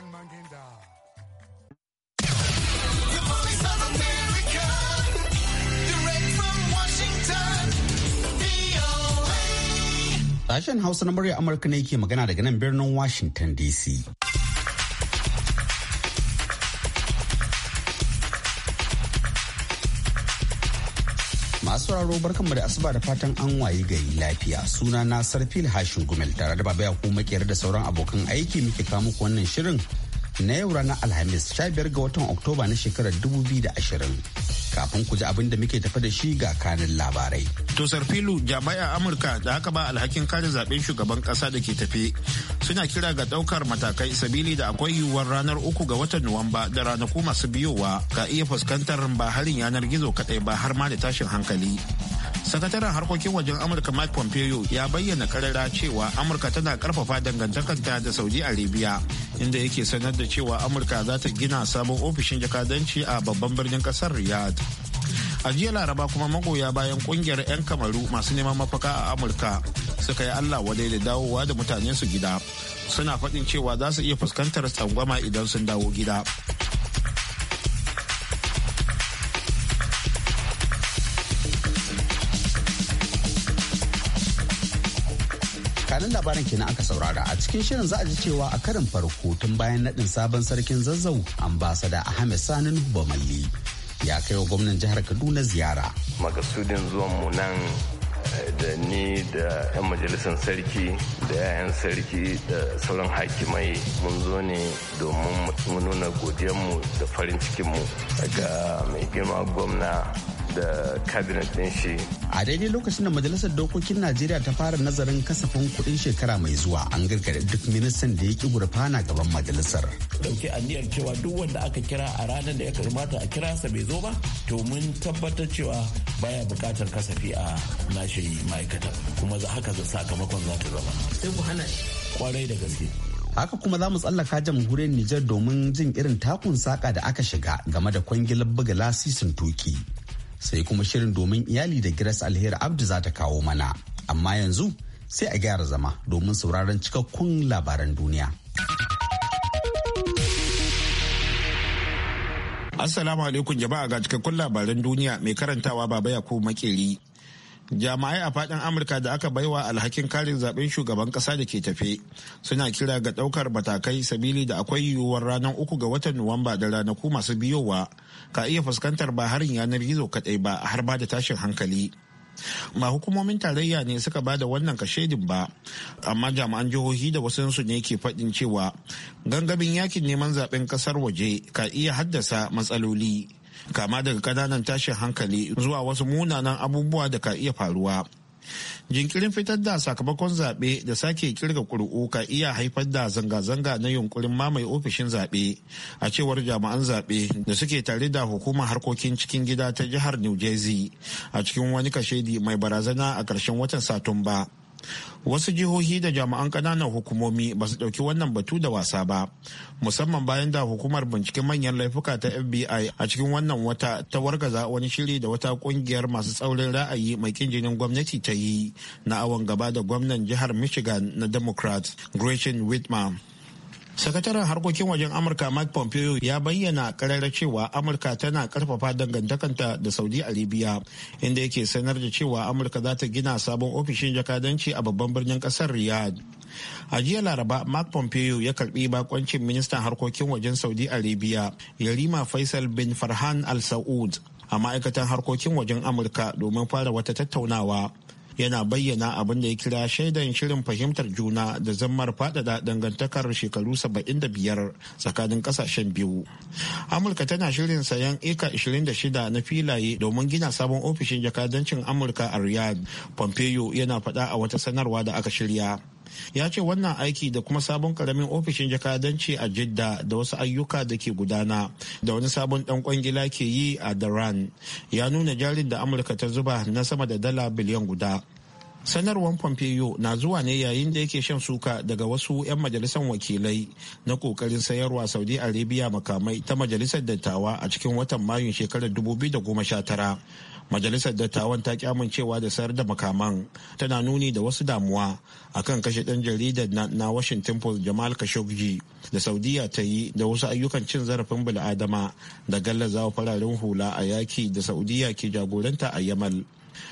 Nelson Mandela. The voice of America, direct from Washington. Sashen Hausa na murya Amurka ne ke magana daga nan birnin Washington DC. sauraro barkanmu da asuba da fatan an waye gari lafiya suna na sarfil hashin gumel tare da babaya ko makiyar da sauran abokan aiki muke kawo muku wannan shirin na yau ranar alhamis 15 ga watan oktoba na shekarar 2020 kafin ku ji abin da muke tafi da shi ga kanin labarai. To Sarfilu jami'a Amurka da haka ba alhakin kare zaben shugaban kasa da ke tafe suna kira ga daukar matakai sabili da akwai yiwuwar ranar uku ga watan Nuwamba da ranaku masu biyowa ka iya fuskantar ba harin yanar gizo kadai ba har ma da tashin hankali. sakataren harkokin wajen amurka mike pompeo ya bayyana karara cewa amurka tana karfafa dangantakarta da saudi arabia inda yake sanar da cewa amurka za ta gina sabon ofishin jakadanci a babban birnin kasar riyadh a jiya laraba kuma magoya bayan kungiyar 'yan kamaru masu neman mafaka a amurka suka yi allah wadai da dawowa da mutanen su gida suna faɗin cewa za su iya fuskantar tsangwama idan sun dawo gida bayanan labaran kenan aka saurara a cikin shirin za a ji cewa a karin farko tun bayan naɗin sabon sarkin zazzau ambasada ahmed sani nuhu malli ya kai wa gwamnan jihar kaduna ziyara magasudin zuwan mu nan eh, da ni da 'yan majalisar sarki da 'ya'yan sarki da sauran hakimai mun zo ne domin mu nuna mu da farin cikinmu ga mai girma gwamna da cabinet din shi. A daidai lokacin da Majalisar Dokokin Najeriya ta fara nazarin kasafin kuɗin shekara mai zuwa an gargaɗi duk ministan da ya ƙi gurfana gaban majalisar. Dauke aniyar cewa duk wanda aka kira a ranar da ya kamata a kira sa bai zo ba to mun tabbatar cewa baya buƙatar kasafi a nashi ma'aikata kuma za haka sakamakon za ta zama. Sai ku hana Kwarai da gaske. haka kuma za mu tsallaka jamhuriyar Nijar domin jin irin takun saka da aka shiga game da kwangilar buga lasisin tuki sai kuma shirin domin iyali da giras Alheri Abdu za ta kawo mana. Amma yanzu sai a gyara zama domin sauraron cikakkun labaran duniya. Assalamu alaikum jama'a ga cikakkun labaran duniya mai karantawa baba Yakubu Makeri. jama'ai a fadin amurka da aka baiwa alhakin karin zaben shugaban kasa da ke tafe suna kira ga daukar matakai sabili da akwai yiwuwar ranar uku ga watan nuwamba da ranaku masu biyowa ka iya fuskantar ba harin yanar gizo kadai ba har ba da tashin hankali ba hukumomin tarayya ne suka ba da wannan kashedin ba amma jami'an jihohi da wasu ne ke faɗin cewa gangamin yakin neman zaben kasar waje ka iya haddasa matsaloli kama daga kananan tashin hankali zuwa wasu munanan abubuwa da ka iya faruwa jinkirin fitar da sakamakon zaɓe da sake kirga ƙuri'u ka iya haifar da zanga-zanga na yunkurin mamaye ofishin zaɓe a cewar jami'an zaɓe da suke tare da hukumar harkokin cikin gida ta jihar new jersey a cikin wani kashedi mai barazana a ƙarshen watan satumba wasu jihohi da jami'an kananan hukumomi ba su ɗauki wannan batu da wasa ba musamman bayan da hukumar binciken manyan laifuka ta fbi a cikin wannan wata ta wargaza wani shiri da wata kungiyar masu tsaurin ra'ayi mai kin gwamnati ta yi na awon gaba da gwamnan jihar michigan na democrat gretchen whitman sakataren harkokin wajen amurka mike pompeo ya bayyana karara cewa amurka tana karfafa dangantakanta da saudi arabia inda yake sanar da cewa amurka za ta gina sabon ofishin jakadanci a babban birnin kasar Riyad. a jiya laraba mark pompeo ya karbi bakoncin ministan harkokin wajen saudi arabia yarima faisal bin farhan al saud a ma'aikatan harkokin wajen amurka domin fara wata tattaunawa yana bayyana abin da ya kira shaidan shirin fahimtar juna da zammar faɗaɗa dangantakar shekaru 75 tsakanin ƙasashen biyu. Amurka tana shirin sayan eka 26 na filaye domin gina sabon ofishin jakadancin Amurka a Riyadh. Pompeo yana faɗa a wata sanarwa da aka shirya. ya ce wannan aiki da kuma sabon karamin ofishin jakadanci a jidda da wasu ayyuka da ke gudana da wani sabon dan kwangila ke yi a daran ya nuna jarin da amurka ta zuba na sama da dala biliyan guda sanarwar pompeo na zuwa ne yayin da yake shan suka daga wasu 'yan majalisar wakilai na kokarin sayarwa saudi arabia makamai ta majalisar dattawa a cikin watan mayun shekarar majalisar dattawan ta cewa da sayar da makaman tana nuni da wasu damuwa akan kashe ɗan jaridar na washington post jamal khashoggi da saudiya ta yi da wasu ayyukan cin zarafin bil'adama da gallazawa fararen hula a yaki da saudiya ke jagoranta a yamal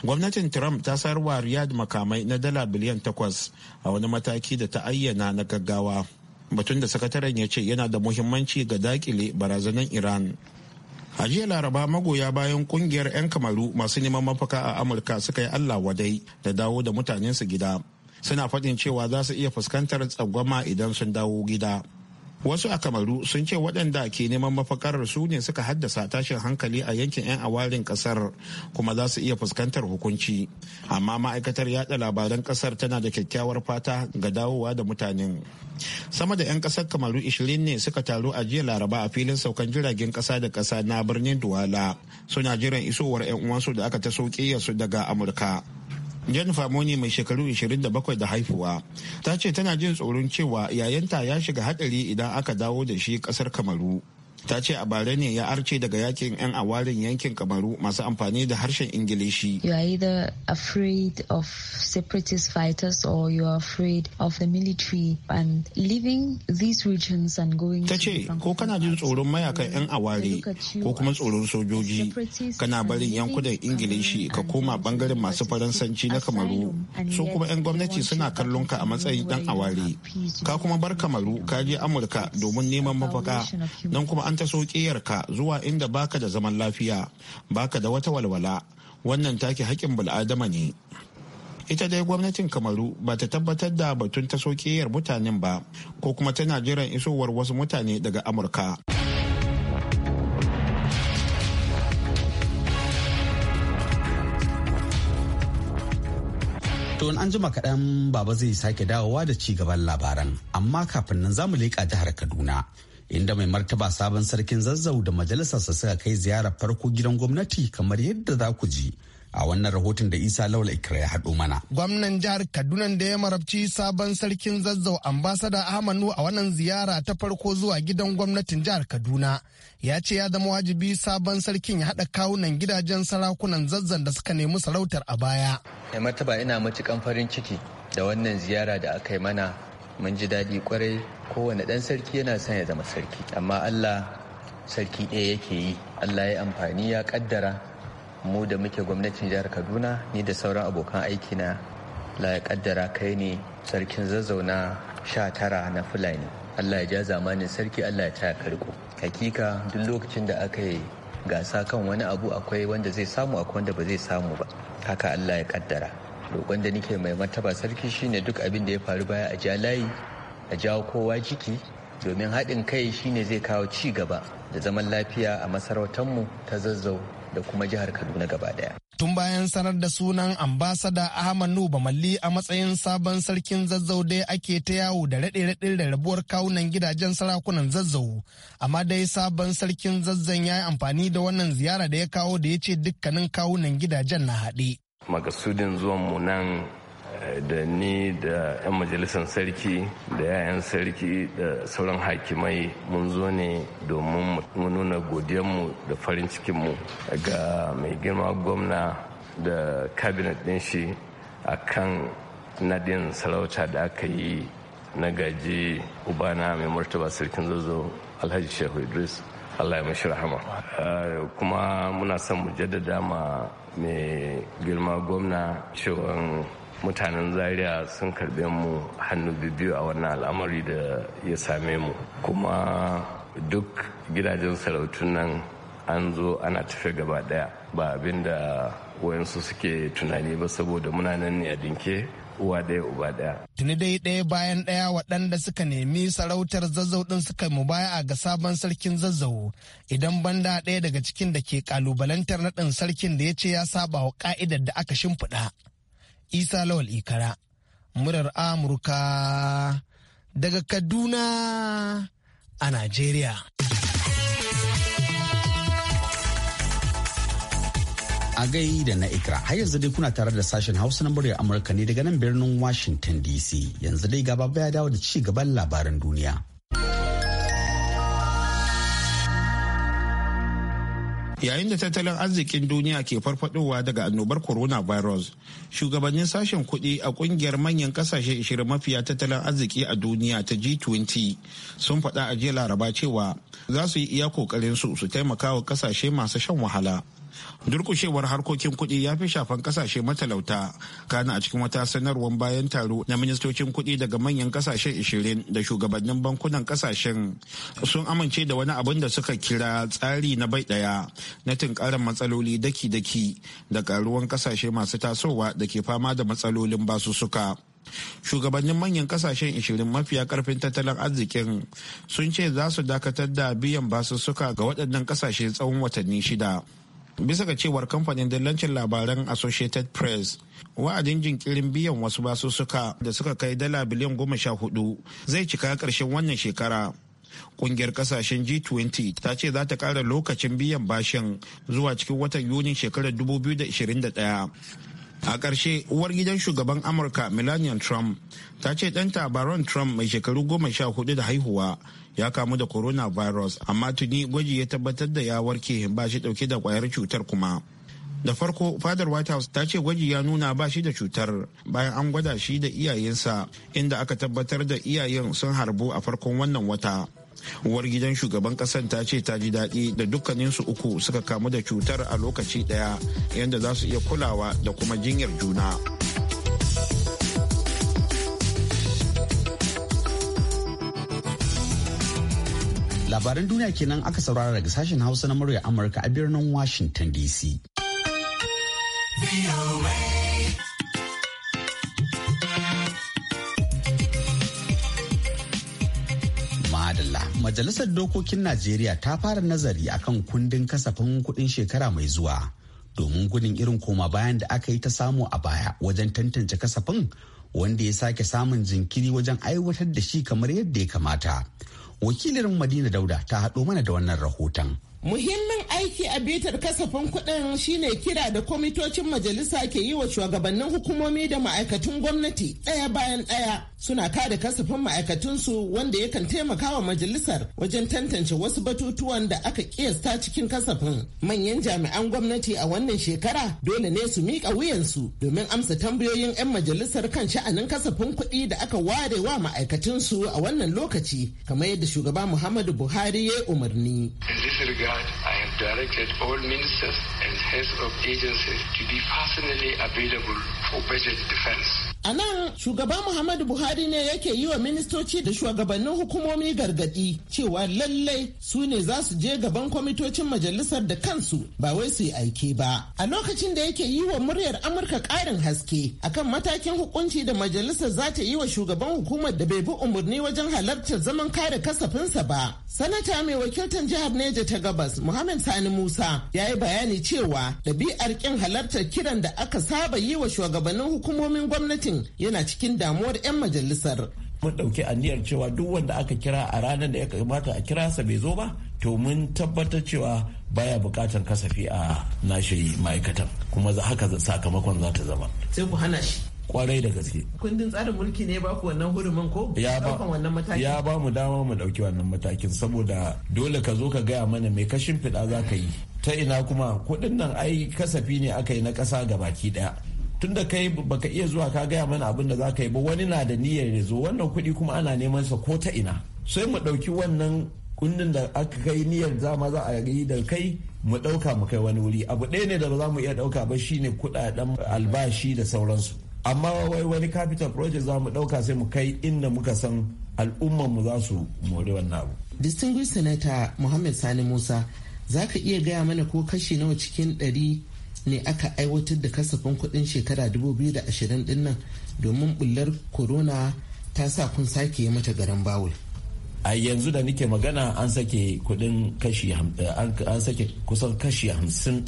gwamnatin trump ta sarwa riyad makamai na dala biliyan takwas a wani mataki da ta ayyana na gaggawa batun da sakataren ya ce yana da muhimmanci ga dakile barazanan iran a jiya laraba magoya bayan kungiyar 'yan kamaru masu neman mafaka a amurka suka yi allah wadai da dawo da mutanensu gida suna faɗin cewa za su iya fuskantar tsagwama idan sun dawo gida wasu a kamaru sun ce waɗanda ke neman mafakar su ne suka haddasa tashin hankali a yankin 'yan awarin ƙasar kuma za su iya fuskantar hukunci amma ma'aikatar yada labaran ƙasar tana da kyakkyawar fata ga dawowa da mutanen sama da 'yan ƙasar kamaru 20 ne suka taru a jiya laraba a filin saukan jiragen ƙasa da ƙasa na birnin duwala suna jiran isowar 'yan uwansu da aka ta sauke su daga amurka jennifer moni mai shekaru 27 da haifuwa ta ce tana jin tsoron cewa yayanta ya shiga hadari idan aka dawo da shi kasar kamaru ta ce a bare ne ya arce daga yakin 'yan awarin yankin kamaru masu amfani da harshen ingilishi you are either afraid of separatist fighters or you are afraid of the military and leaving these regions and going ta ce ko kana jin tsoron mayakan 'yan aware ko kuma tsoron sojoji kana barin yankunan ingilishi ka koma bangaren masu faransanci na kamaru su kuma 'yan gwamnati suna kallon ka a matsayin dan aware ka kuma bar kamaru ka je amurka domin neman mafaka nan kuma an taso yarka zuwa inda baka da zaman lafiya baka da wata walwala wannan take haƙƙin bul'adama ne ita dai gwamnatin kamaru ba ta tabbatar da batun taso yar mutanen ba ko kuma tana jiran isowar wasu mutane daga amurka To an jima kaɗan baba zai sake dawowa da ci gaban labaran, amma kafin nan za zamu leƙa jihar Kaduna. inda mai martaba sabon sarkin zazzau da majalisarsa suka kai ziyara farko gidan gwamnati kamar yadda za ku ji a wannan rahoton da isa laula ikira ya haɗu mana gwamnan jihar kaduna da ya marabci sabon sarkin zazzau ambasada ahmadu a wannan ziyara ta farko zuwa gidan gwamnatin jihar kaduna ya ce ya zama wajibi sabon sarkin ya haɗa kawunan gidajen sarakunan zazzan da suka nemi sarautar a baya mai martaba ina matukan farin ciki da wannan ziyara da aka yi mana mun ji daɗi kwarai kowane ɗan sarki yana son ya zama sarki amma allah sarki ɗaya yake yi allah ya amfani ya ƙaddara mu da muke gwamnatin jihar kaduna ni da sauran abokan aikina la ya ƙaddara kai ne sarkin zazzauna sha tara na fulani allah ya ja zamanin sarki allah ya taya karko hakika duk lokacin da aka yi gasa kan wani abu akwai wanda zai samu akwai wanda ba zai samu ba haka allah ya ƙaddara roƙon da nake mai martaba sarki shine duk abin da ya faru baya a ja layi a jawo kowa jiki domin haɗin kai shine zai kawo ci gaba da zaman lafiya a masarautar mu ta zazzau da kuma jihar kaduna gaba daya tun bayan sanar da sunan ambasada ahmad bamalli a matsayin sabon sarkin zazzau dai ake ta yawo da raɗe-raɗe da rabuwar kawunan gidajen sarakunan zazzau amma dai sabon sarkin zazzan ya yi amfani da wannan ziyara da ya kawo da ya ce dukkanin kawunan gidajen na haɗe Makasudin mu nan eh, da ni da 'yan majalisar sarki da yayan sarki da sauran hakimai mun zo ne domin mu nuna godiyanmu da farin cikinmu ga mai girma gwamna da kabinet din shi a kan nadin sarauta da aka yi na gaji ubana mai martaba sarkin zozo alhaji shehu idris allah ya mashi rahama eh, kuma muna son mu jaddada ma mai girma gwamna cewa mutanen zaria sun karbe mu hannu biyu a wannan al'amari da ya same mu kuma duk gidajen sarautun nan an zo ana tafe gaba daya ba abinda wayansu suke tunani ba saboda muna nan ne a dinke uwa ɗaya uba ɗaya. Tuni dai ɗaya bayan ɗaya waɗanda suka nemi sarautar zazzau ɗin suka mu baya ga sabon sarkin zazzau idan banda ɗaya daga cikin da ke kalubalantar naɗin sarkin da ya ce ya saba wa ƙa'idar da aka shimfiɗa. Isa Lawal Ikara, murar Amurka daga Kaduna a Najeriya. agai da na ikra har yanzu dai kuna tare da sashen hausa na muryar amurka ne daga nan birnin washington dc yanzu dai gaba baya dawo da ci gaban labaran duniya yayin da tattalin arzikin duniya ke farfadowa daga annobar corona virus shugabannin sashen kuɗi a ƙungiyar manyan ƙasashe 20 mafiya tattalin arziki a duniya ta g20 sun faɗa a jiya laraba cewa za su yi iya kokarin su su taimaka wa kasashe masu shan wahala durkushewar harkokin kuɗi ya fi shafan kasashe matalauta kana a cikin wata sanarwar bayan taro na ministocin kuɗi daga manyan kasashen ishirin da shugabannin bankunan kasashen sun amince da wani abin da suka kira tsari na bai ɗaya na tunkarar matsaloli daki-daki da karuwan kasashe masu tasowa da ke fama da matsalolin basussuka. shugabannin manyan kasashen ishirin mafiya karfin tattalin arzikin sun ce za su dakatar da biyan basussuka ga waɗannan kasashe tsawon watanni shida bisa ga cewar kamfanin dillancin labaran associated press wa'adin jinkirin biyan wasu basussuka da suka kai dala biliyan goma sha hudu zai cika ƙarshen wannan shekara kungiyar kasashen g20 ta ce za ta ƙara lokacin biyan bashin zuwa cikin watan yunin shekarar 2021 a ƙarshe uwar gidan shugaban amurka melania trump ta ce ɗanta baron trump mai shekaru goma sha hudu da haihuwa ya kamu da coronavirus amma tuni gwaji ya tabbatar da ya warke ba shi ɗauke da ƙwayar cutar kuma da farko fadar white house ta ce gwaji ya nuna ba shi da cutar bayan an gwada shi da iyayensa inda aka tabbatar da iyayen sun harbu a farkon wannan wata uwar gidan shugaban kasan ta ce ta ji daɗi da dukkaninsu uku suka kamu da cutar a lokaci ɗaya yadda za su iya kulawa da kuma jinyar juna labaran duniya kenan aka saurara daga sashen hausa na murya amurka a birnin washington dc Majalisar Dokokin Najeriya ta fara nazari akan kundin kasafin kuɗin shekara mai zuwa domin gudun irin koma bayan da aka yi ta samu a baya wajen tantance kasafin wanda ya sake samun jinkiri wajen aiwatar da shi kamar yadda ya kamata. Wakilin Madina Dauda ta haɗo mana da wannan rahoton. Muhimmin aiki a bitar kasafin kuɗin shine kira da kwamitocin majalisa ke yi wa shugabannin hukumomi da ma'aikatun gwamnati ɗaya bayan ɗaya suna kada kasafin ma'aikatunsu wanda yakan taimaka wa majalisar wajen tantance wasu batutuwan da aka kiyasta cikin kasafin. Manyan jami'an gwamnati a wannan shekara dole ne su miƙa wuyansu domin amsa tambayoyin 'yan majalisar kan sha'anin kasafin kuɗi da aka ware wa ma'aikatunsu a wannan lokaci kamar yadda shugaba Muhammadu Buhari ya yi umarni. I have directed all ministers and heads of agencies to be personally available for budget defense. A nan shugaba Muhammadu Buhari ne yake yi wa ministoci da shugabannin hukumomi gargadi cewa lallai su ne za su je gaban kwamitocin majalisar da kansu ba wai su yi aiki ba. A lokacin da yake yi wa muryar Amurka ƙarin haske akan matakin hukunci da majalisar za ta yi wa shugaban hukumar da bai bi umarni wajen halartar zaman kare kasafinsa ba. Sanata mai wakiltar jihar Neja ta gabas Muhammad Sani Musa ya yi bayani cewa ɗabi'ar ƙin halartar kiran da aka saba yi wa shugabannin hukumomin gwamnati gwamnatin yana cikin damuwar 'yan majalisar mun ɗauki aniyar cewa duk wanda aka kira a ranar da ya kamata a kira sa bai zo ba to mun tabbatar cewa baya buƙatar kasafi a nashi ma'aikatan kuma haka sakamakon za ta zama sai ku hana shi kwarai da gaske kundin tsarin mulki ne ba ku wannan hurumin ko ya ba wannan matakin ya ba mu dama mu ɗauki wannan matakin saboda dole ka zo ka gaya mana mai kashin fida za ka yi ta ina kuma kuɗin nan ai kasafi ne aka yi na ƙasa ga baki ɗaya tunda kai baka iya zuwa ka gaya mana abin da za ka yi ba wani na da niyyar ya zo wannan kuɗi kuma ana neman sa ko ta ina sai mu ɗauki wannan kundin da aka kai niyyar zama za a yi da kai mu ɗauka mu kai wani wuri abu ɗaya ne da ba za mu iya ɗauka ba shine kuɗaɗen albashi da sauransu amma wai wani capital project za mu ɗauka sai mu kai inda muka san al'ummar mu za su mori wannan abu. distinguished senator muhammad sani musa za ka iya gaya mana ko kashi nawa cikin ɗari ne aka aiwatar da kasafin kudin shekara 2020 ɗin nan domin bullar corona ta sa kun sake yi mata garin bawul. a yanzu da nike magana an sake kudin kashi eh, an sake kusan kashi hamsin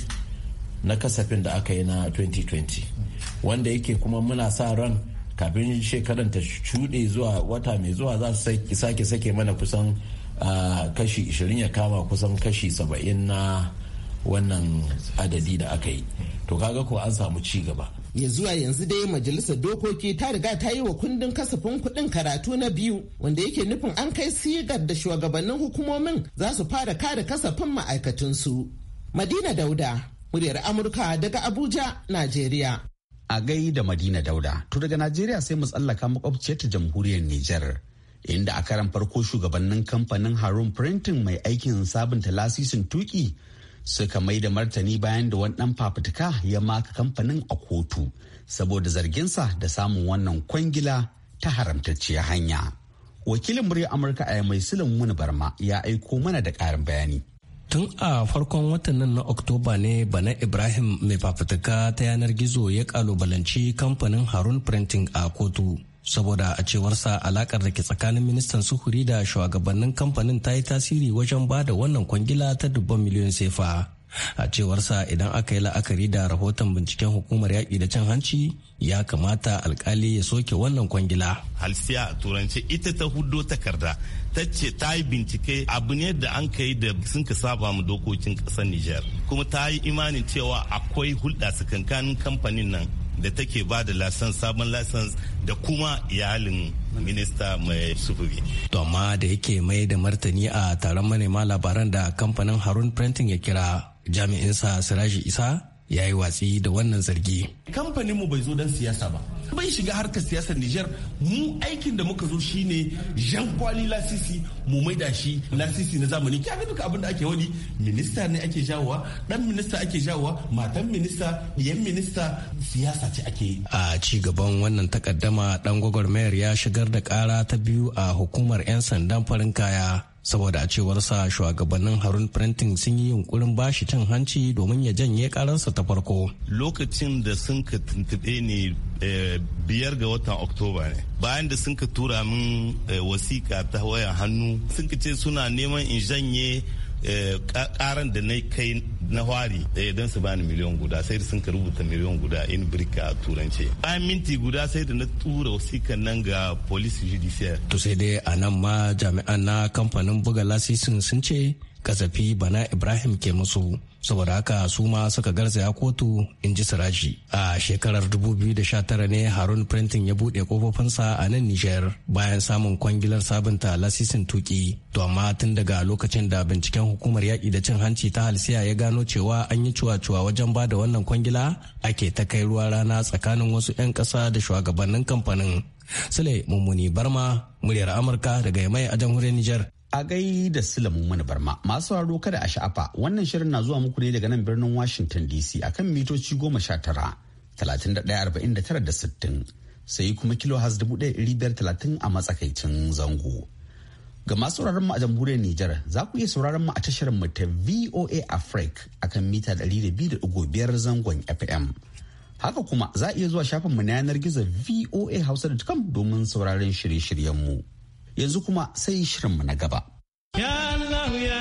na kasafin da aka yi na 2020 wanda yake kuma muna sa ran kafin shekaran ta shuɗe zuwa wata mai zuwa za su sake sake mana kusan ah, kashi 20 ya kama kusan kashi 70 na wannan adadi da aka yi to kaga ko an samu ci gaba ya zuwa yanzu dai majalisar dokoki ta riga ta yi wa kundin kasafin kuɗin karatu na biyu wanda yake nufin an kai sigar da shugabannin hukumomin za su fara kare kasafin ma'aikatunsu madina dauda muryar amurka daga abuja najeriya a gai da madina dauda to daga najeriya sai mu tsallaka makwabciyar ta jamhuriyar niger inda a karan farko shugabannin kamfanin harun printing mai aikin sabunta lasisin tuki suka mai da martani bayan da wani ɗan fafutuka ya maka kamfanin a kotu saboda zarginsa da samun wannan kwangila ta haramtacciyar hanya. Wakilin murya Amurka a mai wani Barma ya aiko mana da ƙarin bayani. Tun a farkon watan nan na Oktoba ne Bana Ibrahim mai fafutuka ta yanar gizo ya kalubalanci kamfanin Harun Printing a kotu. saboda a cewarsa alakar da ke tsakanin ministan sufuri da shugabannin kamfanin ta yi tasiri wajen ba da wannan kwangila ta dubban miliyon sefa a cewarsa idan aka yi la'akari da rahoton binciken hukumar yaƙi da cin hanci ya kamata alkali ya soke wannan kwangila halsiya a turance ita ta hudo takarda ta ce ta yi bincike abu ne da an kai da sun ka saba mu dokokin ƙasar niger kuma ta yi imanin cewa akwai hulɗa tsakankanin kamfanin nan da take ba da lasan sabon lasan da kuma iyalin minista mai sufuri. To amma da yake mai da martani a taron manema labaran da kamfanin Harun Printing ya kira jami'insa Siraji Isa ya yi watsi da wannan zargi. Kamfaninmu bai zo don siyasa ba. bai shiga harkar siyasar Nijar mu aikin da muka zo shine Jean Kwali Lasisi mu mai da shi Lasisi na zamani ga duka abin da ake wani minista ne ake jawowa dan minista ake jawowa matan minista yan minista siyasa ce ake a ci gaban wannan takaddama dan gwagwarmayar ya shigar da kara ta biyu a hukumar yan sandan farin kaya saboda a cewar sa shugabannin harun printing sun yi yunkurin bashi cin hanci domin ya janye karansa ta farko lokacin da sun ka tuntube ne eh, biyar ga watan oktoba ne bayan da sun ka tura min eh, wasiƙa ta wayan hannu sun ka ce suna neman in janye Eh, karan da na kai na hwari eh, don su bani miliyon guda sai da sun ka rubuta miliyon guda in birka a turance bayan minti guda sai da na tura wasikan nan ga police judiciaire to sai dai a nan ma jami'an na kamfanin buga lasisin sun ce kasafi bana ibrahim ke musu saboda haka su ma suka garzaya kotu in ji siraji a shekarar 2019 ne harun printing ya buɗe kofofinsa a nan nijar bayan samun kwangilar sabunta lasisin tuki to amma tun daga lokacin da binciken hukumar yaƙi da cin hanci ta halsiya ya gano cewa an yi cuwa-cuwa wajen ba da wannan kwangila ake ta kai ruwa rana tsakanin wasu 'yan ƙasa da shugabannin kamfanin sule mummuni barma muryar amurka daga mai a jamhuriyar nijar A gai da silamun Mani Barma masu haro kada a sha'afa wannan shirin na zuwa muku ne daga nan birnin Washington DC akan mitoci goma sha tara, talatin da ɗaya arba'in da tara da sittin, sai kuma kilo has dubu ɗaya ɗari biyar talatin a matsakaicin zango. Ga masu sauraron mu a jamhuriyar Nijar za ku iya sauraron mu a tashar mu ta VOA Africa akan mita ɗari da biyu da ɗigo biyar zangon FM. Haka kuma za a iya zuwa shafin mu na yanar gizo VOA hausa.com domin sauraron shirye-shiryen mu. yanzu kuma sai shirinmu na gaba. Ya Allah ya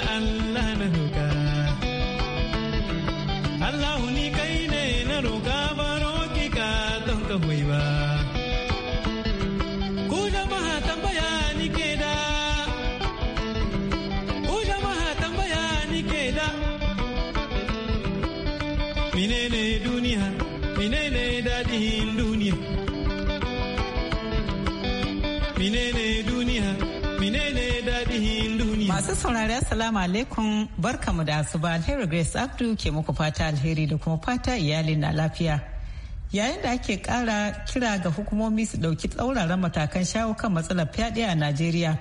saurari assalamu alaikum barkamu da asuba alheri grace abdu ke muku fata alheri da kuma fata iyali na lafiya yayin da ake kara kira ga hukumomi su dauki tsauraran matakan shawo kan matsalar fyaɗe a najeriya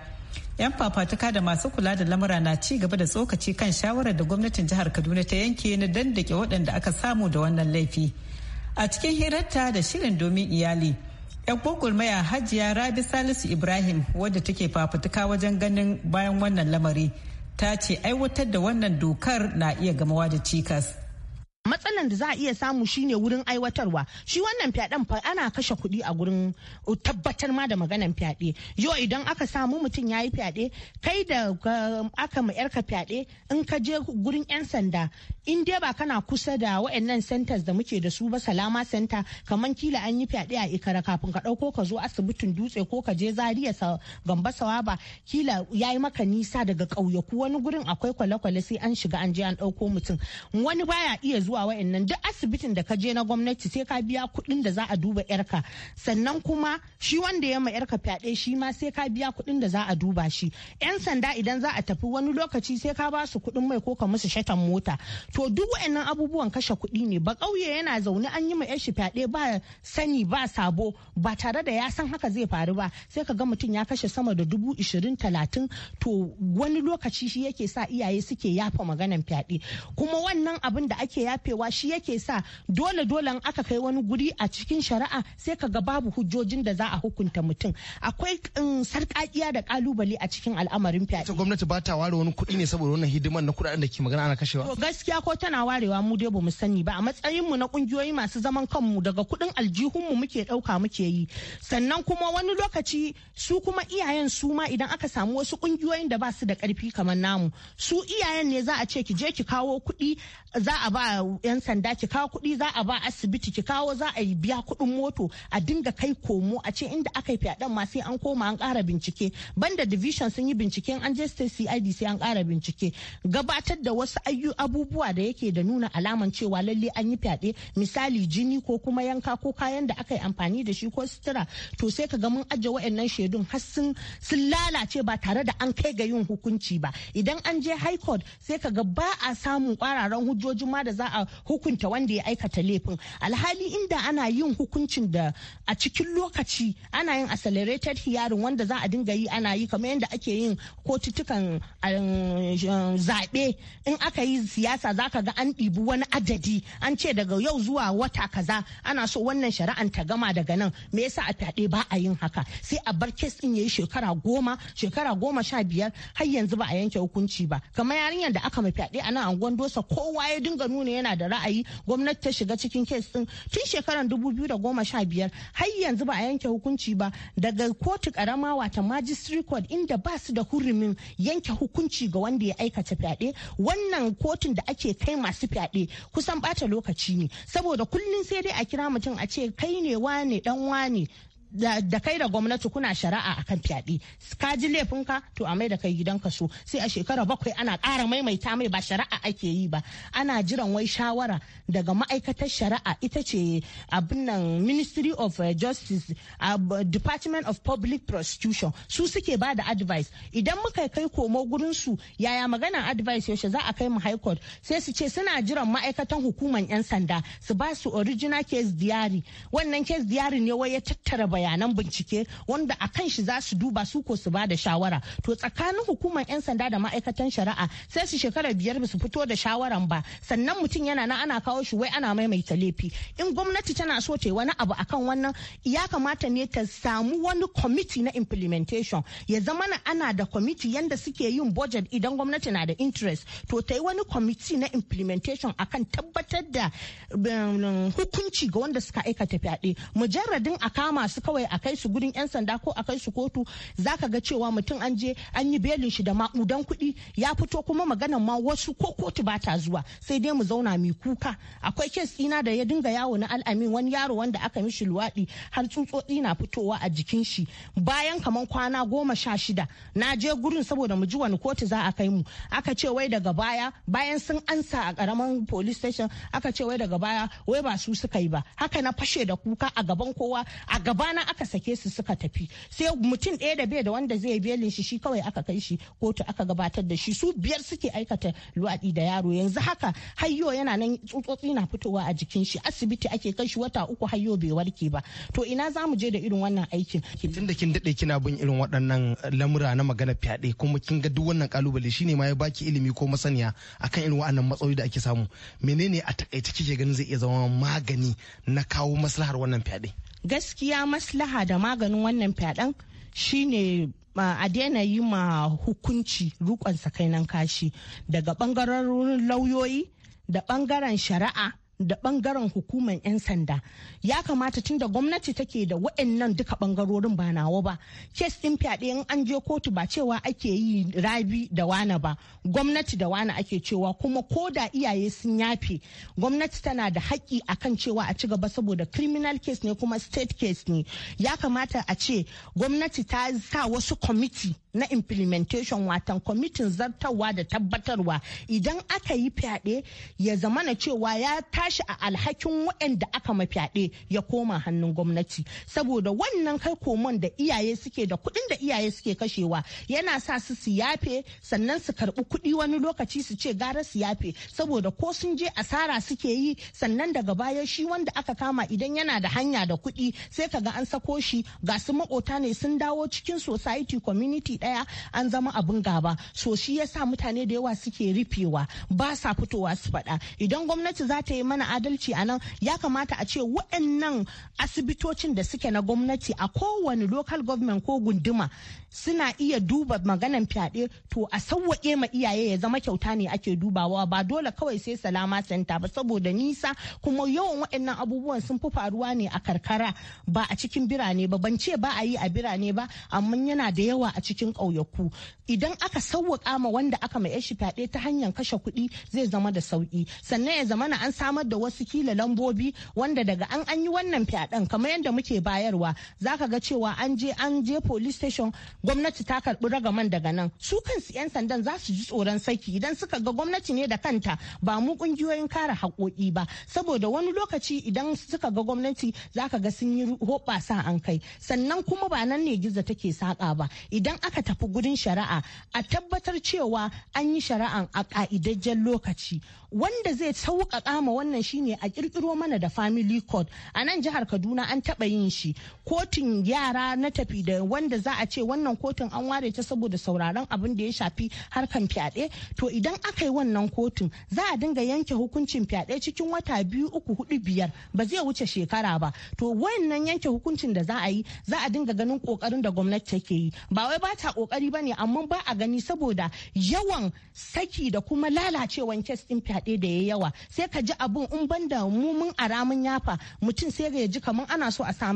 yan fafatuka da masu kula da lamura na ci gaba da tsokaci kan shawarar da gwamnatin jihar kaduna ta yanke na dandake waɗanda aka samu da wannan laifi a cikin hirarta da shirin domin iyali 'yan gwagwarmaya hajiya rabi salisu ibrahim wadda take fafutuka wajen ganin bayan wannan lamari ta ce aiwatar da wannan dokar na iya gamawa da cikas matsalan da za a iya samu shine wurin aiwatarwa shi wannan fyaɗen fa ana kashe kuɗi a gurin uh, tabbatar ma da maganan fyaɗe yau idan aka samu mutum ya yi fyaɗe kai da uh, aka ma yarka fyaɗe in ka je gurin 'yan sanda in dai ba kana kusa da waɗannan centers da muke da su ba salama center kamar kila an yi fyaɗe a ikara kafin ka ɗauko ka zo asibitin dutse ko ka je zariya gamba ba kila ya yi maka nisa daga ƙauyaku wani gurin akwai kwale-kwale sai an shiga an je an ɗauko mutum wani baya iya zuwa zuwa wayannan duk asibitin da ka je na gwamnati sai ka biya kuɗin da za a duba yarka sannan kuma shi wanda ya ma yarka fyaɗe shi ma sai ka biya kuɗin da za a duba shi yan sanda idan za a tafi wani lokaci sai ka ba su kuɗin mai ko ka musu shatan mota to duk wayannan abubuwan kashe kuɗi ne ba ƙauye yana zaune an yi ma yar shi fyaɗe ba sani ba sabo ba tare da ya san haka zai faru ba sai ka ga mutum ya kashe sama da dubu ishirin talatin to wani lokaci shi yake sa iyaye suke yafa maganan fyaɗe kuma wannan abin da ake yafa shafewa shi yake sa dole dole aka kai wani guri a cikin shari'a sai ka ga babu hujjojin da za a hukunta mutum akwai um, sarkakiya da kalubale a cikin al'amarin fyaɗe. ita gwamnati ba ta ware wani kuɗi ne saboda wannan hidiman na kuɗaɗen da ke magana ana kashewa. To gaskiya ko tana warewa mu dai mu sani ba a matsayin mu na ƙungiyoyi masu zaman kanmu daga kuɗin mu muke ɗauka muke yi sannan kuma wani lokaci su kuma iyayen su ma idan aka samu wasu ƙungiyoyin da ba su da ƙarfi kamar namu su iyayen ne za a ce ki je ki kawo kuɗi za a ba yan sanda ki kawo kuɗi za a ba asibiti ki kawo za a yi biya kuɗin moto a dinga kai komo a ce inda aka yi fyaɗen ma sai an koma an ƙara bincike banda division sun yi bincike an je state CID sai an ƙara bincike gabatar da wasu ayyu abubuwa da yake da nuna alaman cewa lalle an yi fyaɗe misali jini ko kuma yanka ko kayan da aka yi amfani da shi ko sutura to sai ka ga mun ajiye waɗannan shaidun har sun lalace ba tare da an kai ga yin hukunci ba idan an je high court sai ka ga ba a samun kwararan hujjojin ma da za a a hukunta wanda ya aikata laifin alhali inda ana yin hukuncin da a cikin lokaci ana yin accelerated hearing wanda za a dinga yi ana yi kamar yadda ake yin kotutukan um, zaɓe in aka yi siyasa za ka ga an ɗibi wani adadi an ce daga yau zuwa wata kaza ana so wannan shari'an ta gama daga nan me yasa a fyaɗe ba a yin haka sai a bar kes ɗin yayi shekara goma shekara goma sha biyar har yanzu ba a yanke hukunci ba kamar yarinyar da aka ma fyaɗe a nan gwando dosa kowa ya dinga nuna yana Yana da ra'ayi gwamnati ta shiga cikin kes din tun shekarar dubu biyu da goma sha biyar har yanzu ba a yanke hukunci ba daga kotu karama wata magistrate court inda ba su da hurumin yanke hukunci ga wanda ya aikata fyaɗe wannan kotun da ake kai masu fyaɗe kusan bata lokaci ne saboda kullum sai dai a kira mutum a ce kai ne wane dan wane da kai da gwamnati kuna shari'a kan fyaɗe ka ji laifinka to a mai da kai gidanka so sai a shekara bakwai ana ƙara maimaita mai ba shari'a ake yi ba ana jiran wai shawara daga ma'aikatar shari'a ita ce abin nan ministry of eh, justice department of public prosecution su suke ba da advice idan muka kai komo gurin su yaya magana advice yaushe za a kai mu high court sai su ce suna jiran ma'aikatan hukumar yan sanda su ba su original case diary wannan case diary ne wai ya tattara bayanan bincike wanda a kan shi za su duba su ko su ba da shawara to tsakanin hukumar 'yan sanda da ma'aikatan shari'a sai su shekara biyar su fito da shawaran ba sannan mutum yana na ana kawo shi wai ana maimaita laifi in gwamnati tana so ta wani abu akan wannan ya kamata ne ta samu wani committee na implementation ya zama na ana da committee yanda suke yin budget idan gwamnati na da interest to ta yi wani committee na implementation akan tabbatar da um, hukunci ga wanda suka aikata fyaɗe mujarradin a kama su kawai a kai su gurin 'yan sanda ko a kai su kotu za ka ga cewa mutum an je an yi belin shi da maƙudan kuɗi ya fito kuma maganan ma wasu ko kotu ba ta zuwa sai dai mu zauna mai kuka akwai kes ɗina da ya dinga yawo na al'amin wani yaro wanda aka mishi luwaɗi har tsutsotsi na fitowa a jikin shi bayan kamar kwana goma sha shida na je gurin saboda mu ji wani kotu za a kai mu aka ce wai daga baya bayan sun ansa a karaman police station aka ce wai daga baya wai ba su suka yi ba haka na fashe da kuka a gaban kowa a gabana. nan aka sake su suka tafi sai mutum ɗaya da bai da wanda zai belin shi shi kawai aka kai shi kotu aka gabatar da shi su biyar suke aikata luwaɗi da yaro yanzu haka hayyo yana nan tsutsotsi na fitowa a jikin shi asibiti ake kai shi wata uku hayyo bai warke ba to ina za mu je da irin wannan aikin tun da kin daɗe kina bin irin waɗannan eh, lamura na magana fyaɗe kuma kin ga duk wannan kalubale shine ma ya baki ilimi ko masaniya akan irin waɗannan matsaloli da ake samu menene a takaice kike ganin zai iya zama magani na kawo maslahar wannan fyaɗe gaskiya maslaha da maganin wannan fyaɗen shine a daina yi ma hukunci rukon sakainan kashi daga ɓangarorin lauyoyi da ɓangaren shari'a da bangaren hukumar 'yan sanda ya kamata tun da gwamnati take da wa'annan duka bangarorin ba nawa ba kes din fyaɗe in an je kotu ba cewa ake yi rabi da wana ba gwamnati da wana ake cewa kuma ko da iyaye sun yafe gwamnati tana da haƙƙi kan cewa a ci gaba saboda criminal case ne kuma state case ne ya kamata a ce gwamnati ta sa wasu kwamiti na implementation watan kwamitin zartarwa da tabbatarwa idan aka yi fyaɗe ya zamana cewa ya ta shi a alhakin waɗanda aka mafyaɗe ya koma hannun gwamnati saboda wannan kai komon da iyaye suke da kuɗin da iyaye suke kashewa yana sa su su yafe sannan su karɓi kuɗi wani lokaci su ce gara su yafe saboda ko sun je asara suke yi sannan daga baya shi wanda aka kama idan yana da hanya da kuɗi sai ka ga an sako shi ga su maƙota ne sun dawo cikin society community ɗaya an zama abin gaba so shi ya sa mutane da yawa suke rufewa ba sa fitowa su faɗa idan gwamnati za ta yi mana mana adalci a nan ya kamata a ce waɗannan asibitocin da suke na gwamnati a kowane local government ko gunduma suna iya duba maganan fyaɗe to a sauwaƙe ma iyaye ya zama kyauta ne ake dubawa ba dole kawai sai salama santa ba saboda nisa kuma yawan waɗannan abubuwan sun fi faruwa ne a karkara ba a cikin birane ba ban ce ba a yi a birane ba amma yana da yawa a cikin ƙauyaku idan aka sauwaƙa ma wanda aka mai shi fyaɗe ta hanyar kashe kuɗi zai zama da sauƙi sannan ya zama na an samar da wasu kila lambobi wanda daga an an yi wannan fyaɗen kamar yadda muke bayarwa za ka ga cewa an je an je police station gwamnati ta karɓi ragaman daga nan su kansu 'yan sandan za su ji tsoron saki idan suka ga gwamnati ne da kanta ba mu kungiyoyin kare haƙoƙi ba saboda wani lokaci idan suka ga gwamnati za ka ga sun yi hoɓasa an kai sannan kuma ba nan ne gizo take saƙa ba idan aka tafi gurin shari'a a tabbatar cewa an yi shari'an a ƙa'idajjen lokaci wanda zai sauƙaƙa ma wannan wannan shine a kirkiro mana da family court a nan jihar kaduna an taba yin shi kotun yara na tafi da wanda za a ce wannan kotun an ware ta saboda sauraron abin da ya shafi harkan fyaɗe to idan aka yi wannan kotun za a dinga yanke hukuncin fyaɗe cikin wata biyu uku hudu biyar ba zai wuce shekara ba to wannan yanke hukuncin da za a yi za a dinga ganin kokarin da gwamnati take yi ba wai ba ta kokari ne amma ba a gani saboda yawan saki da kuma lalacewan kes ɗin fyaɗe da ya yawa sai ka ji abu abin in ban da mu mun ara mun yafa mutum sai ga ji kamar ana so a sa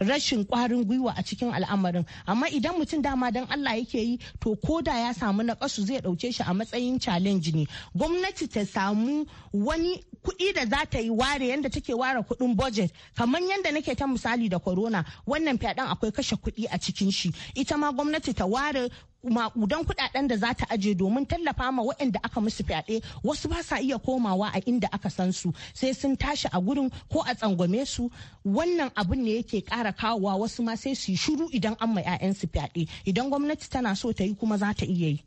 rashin kwarin gwiwa a cikin al'amarin amma idan mutum dama dan Allah yake yi to ko da ya samu na kasu zai dauke shi a matsayin challenge ne gwamnati ta samu wani kuɗi da za ta yi ware yadda take ware kuɗin budget kamar yadda nake ta misali da corona wannan fyaɗen akwai kashe kuɗi a cikin shi ita ma gwamnati ta ware makudan kudaden da za ta aje domin tallafa ma waɗanda aka musu fyaɗe wasu ba sa iya komawa a inda aka san su sai sun tashi a gurin ko a tsangwame su wannan abin ne yake ƙara kawowa wasu ma sai su yi shiru idan an ma 'ya'yansu fyaɗe idan gwamnati tana so ta yi kuma za ta iya yi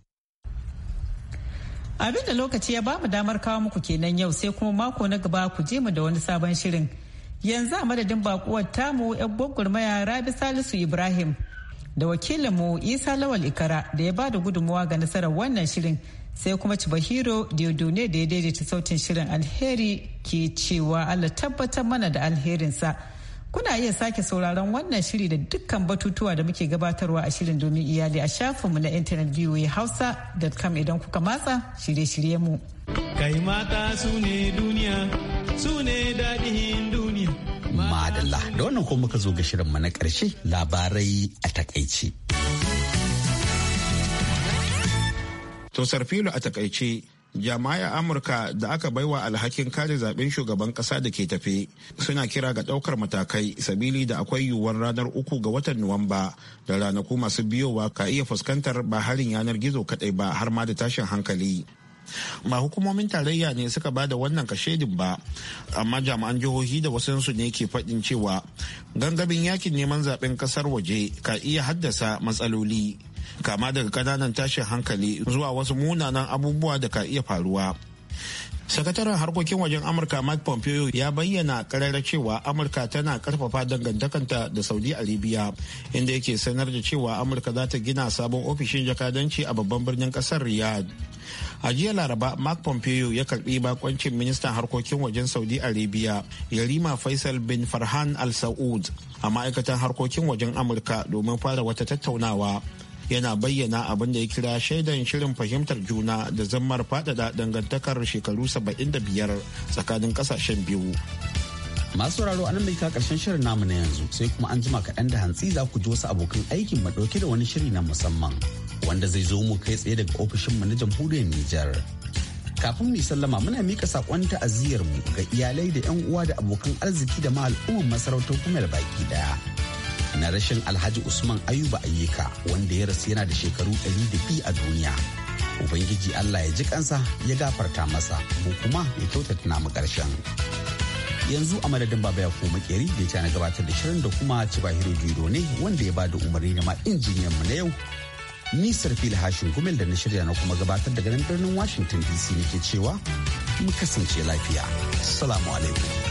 abin da lokaci ya bamu damar kawo muku kenan yau sai kuma mako na gaba ku je mu da wani sabon shirin yanzu a madadin bakuwar tamu 'yan gwaggwarmaya rabi salisu ibrahim da wakilin mu isa lawal ikara da ya ba da gudunmuwa ga nasarar wannan shirin sai kuma cibahiro diodone da ya daidaita sautin shirin alheri ke cewa allah tabbatar mana da alherinsa kuna iya sake sauraron wannan shiri da dukkan batutuwa da muke gabatarwa a shirin domin iyali a shafinmu na intanet hausa hausa.com idan kuka matsa shirye-shiryenmu kai mata su ne duniya su ne duniya Madalla da wannan ko muka zo ga shirinmu na ƙarshe labarai a takaice. To Sarfilo a takaice jama'a Amurka da aka baiwa alhakin kare zaben shugaban kasa da ke tafe suna kira ga daukar matakai sabili da akwai yiwuwar ranar uku ga watan Nuwamba da ranaku masu biyowa ka iya fuskantar ba harin yanar gizo kadai ba har ma da tashin hankali ba hukumomin tarayya ne suka ba da wannan kashedin ba amma jami'an jihohi da wasansu ne ke faɗin cewa gangamin yakin neman zaben kasar waje ka iya haddasa matsaloli kama daga kananan tashin hankali zuwa wasu munanan abubuwa da ka iya faruwa sakataren harkokin wajen amurka mike pompeo ya bayyana karara cewa amurka tana karfafa dangantakanta da saudi arabia inda yake sanar da cewa amurka za ta gina sabon ofishin jakadanci a babban birnin kasar riyadh a jiya laraba mark pompeo ya karbi bakoncin ministan harkokin wajen saudi arabia yarima faisal bin farhan al saud a ma'aikatan harkokin wajen amurka domin fara wata tattaunawa yana bayyana abin da ya kira shaidan shirin fahimtar juna da zammar faɗaɗa dangantakar shekaru 75 tsakanin ƙasashen biyu masu sauraro an mai karshen shirin namu na yanzu sai kuma an jima kaɗan da hantsi za ku ji wasu abokan aikin mu ɗauke da wani shiri na musamman wanda zai zo mu kai tsaye daga ofishin mu na jamhuriyar Nijar. Kafin mu sallama muna mika sakon ta'aziyar mu ga iyalai da 'yan uwa da abokan arziki da mahal masarautar kumel baki daya. Na rashin Alhaji Usman Ayuba Ayyuka wanda ya rasu yana da shekaru ɗari da biyu a duniya. Ubangiji Allah ya ji kansa ya gafarta masa mu kuma ya kyautata namu ƙarshen. Yanzu a madadin baba ya makeri da ya na gabatar da shirin da kuma Cibahiru jiro ne wanda ya bada umarni na ma injiniyan mu na yau Nisar fili hashin gumel da na shirya na kuma gabatar daga nan birnin Washington DC nake cewa mu kasance lafiya. Salamu alaikum.